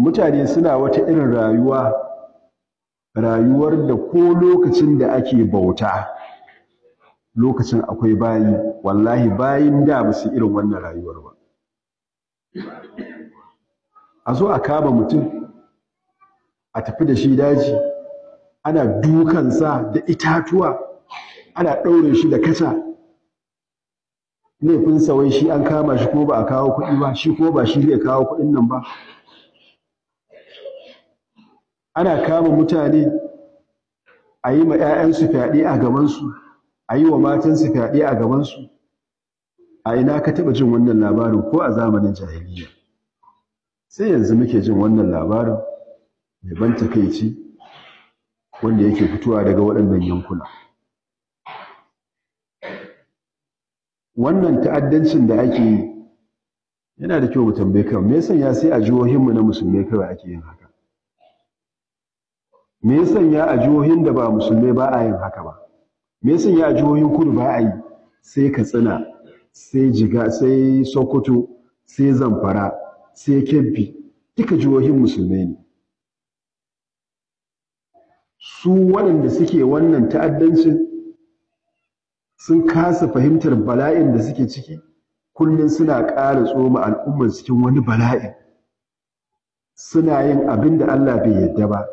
mutane suna wata irin rayuwa rayuwar da ko lokacin da ake bauta lokacin akwai bayi wallahi bayin da ba su irin wannan rayuwar ba a zo a kaba mutum a tafi da shi daji ana dukansa da itatuwa ana ɗaure shi da kasa laifin wai shi an kama shi ko ba a kawo kuɗi ba shi ko ba shi zai kawo kuɗin nan ba ana kama mutane a yi ma 'ya'yansu fyaɗe a gabansu a yi wa matansu fyaɗe a gabansu a ina ka taɓa jin wannan labarin ko a zamanin jahiliya sai yanzu muke jin wannan labarin mai ban takaici wanda yake fitowa daga waɗannan yankuna wannan ta'addancin da ake yi yana da kyau mu tambaye kan me yasa ya sai a jihohinmu na musulmai kawai ake yin haka me ya sanya a jihohin da ba musulmai ba a yin haka ba me ya sanya a jihohin kudu ba a yi sai katsina sai jiga sai sokoto sai zamfara sai kebbi duka jihohin musulmai ne su waɗanda suke wannan ta'addancin sun kasa fahimtar bala'in da suke ciki kullum suna ƙara tsoma al'ummar cikin wani bala'in suna yin abin da Allah bai yadda ba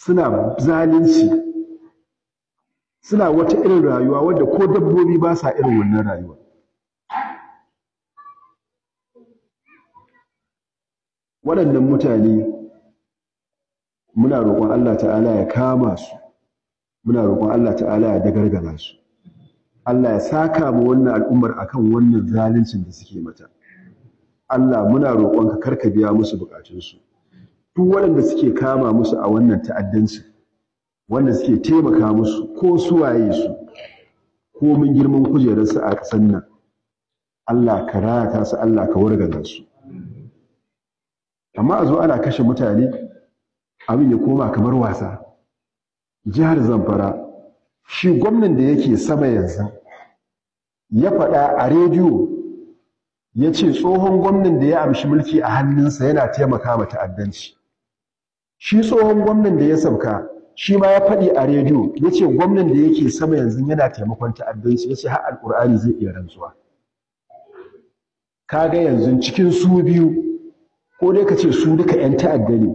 suna zalunci suna wata irin rayuwa wadda ko dabbobi ba sa irin wannan rayuwa waɗannan mutane muna roƙon Allah ta'ala ya kama su muna roƙon Allah ta'ala ya dagargaza su Allah ya saka mu wannan al'ummar akan wannan zaluncin da suke mata Allah muna roƙonka karka biya musu buƙatunsu duk waɗanda suke kama musu a wannan ta'addanci, wanda suke taimaka musu ko su waye su ko mun girman kujerarsu a ƙasar nan Allah ka rata su Allah ka wargaza su amma a zo ana kashe mutane abin ya koma kamar wasa jihar zamfara shi gwamnan da yake sama yanzu ya faɗa a rediyo ya ce tsohon gwamnan da ya amshi mulki a hannunsa yana taimaka ta'addanci shi tsohon gwamnan da ya sauka shi ma ya faɗi a rediyo ya ce gwamnan da yake sama yanzu yana taimakon ta'addanci ya ce har alƙur'ani zai iya rantsuwa Ka ga yanzu cikin su biyu ko dai ka ce su duka 'yan ta'adda ne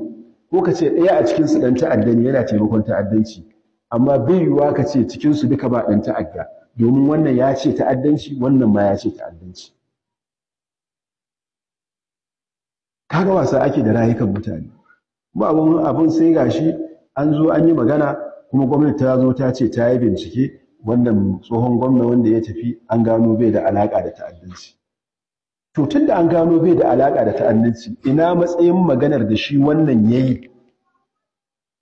ko ka ce ɗaya a cikinsu ɗan ta'adda ne yana taimakon ta'addanci amma bai yiwuwa ka ce cikinsu duka ba ɗan ta'adda domin wannan ya ce ta'addanci wannan ma ya ce ta'addanci Ka ga wasa ake da rayukan mutane ba abun abin sai gashi an zo an yi magana kuma gwamnati ta zo ta ce ta yi bincike wannan tsohon gwamna wanda ya tafi an gano bai da alaƙa da ta'addanci to tunda an gano bai da alaƙa da ta'addanci ina matsayin maganar da shi wannan ya yi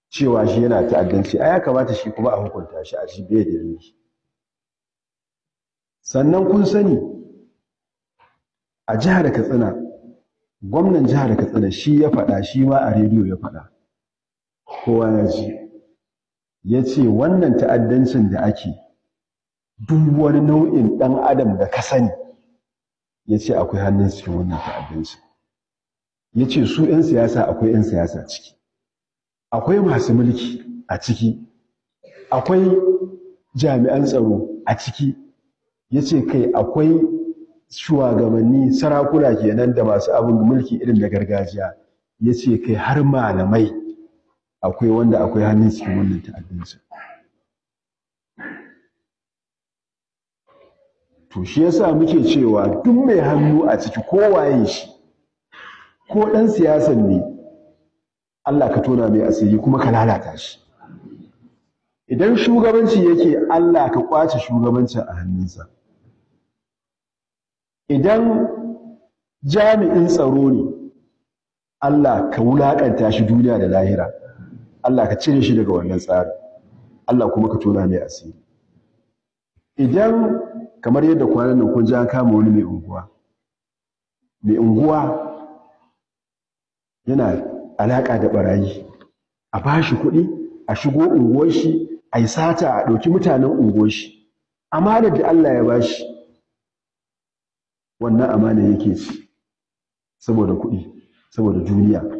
cewa shi yana ta'addanci a ya kamata shi kuma a hukunta shi a shi bai da yanki sannan kun sani a jihar katsina gwamnan jihar katsina shi ya faɗa shi ma a rediyo ya faɗa kowa ya ji ya ce wannan ta'addancin da ake duk wani nau'in ɗan adam da ka sani ya ce akwai hannun cikin wannan ta'addancin ya ce su 'yan siyasa akwai 'yan siyasa ciki akwai masu mulki a ciki akwai jami'an tsaro a ciki ya ce kai akwai shugabanni sarakuna kenan da masu abin mulki irin da gargajiya ya ce kai har malamai akwai wanda akwai hannun cikin wannan ta'addanci to shi yasa muke cewa duk mai hannu a ciki ko waye shi ko ɗan siyasan ne Allah ka tona mai asiri kuma ka lalata shi idan shugabanci yake Allah ka kwace shugabancin a hannunsa idan jami'in tsaro ne Allah ka wulaƙanta shi duniya da lahira Allah ka cire shi daga wannan tsari Allah kuma ka tona mai asiri idan kamar yadda kwanan nan kun ja kama wani mai unguwa mai unguwa yana alaƙa da barayi a ba shi kuɗi a shigo unguwar shi a yi sata a ɗauki mutanen unguwar shi amanar da Allah ya ba shi. wannan amana yake ci saboda kuɗi saboda juriya.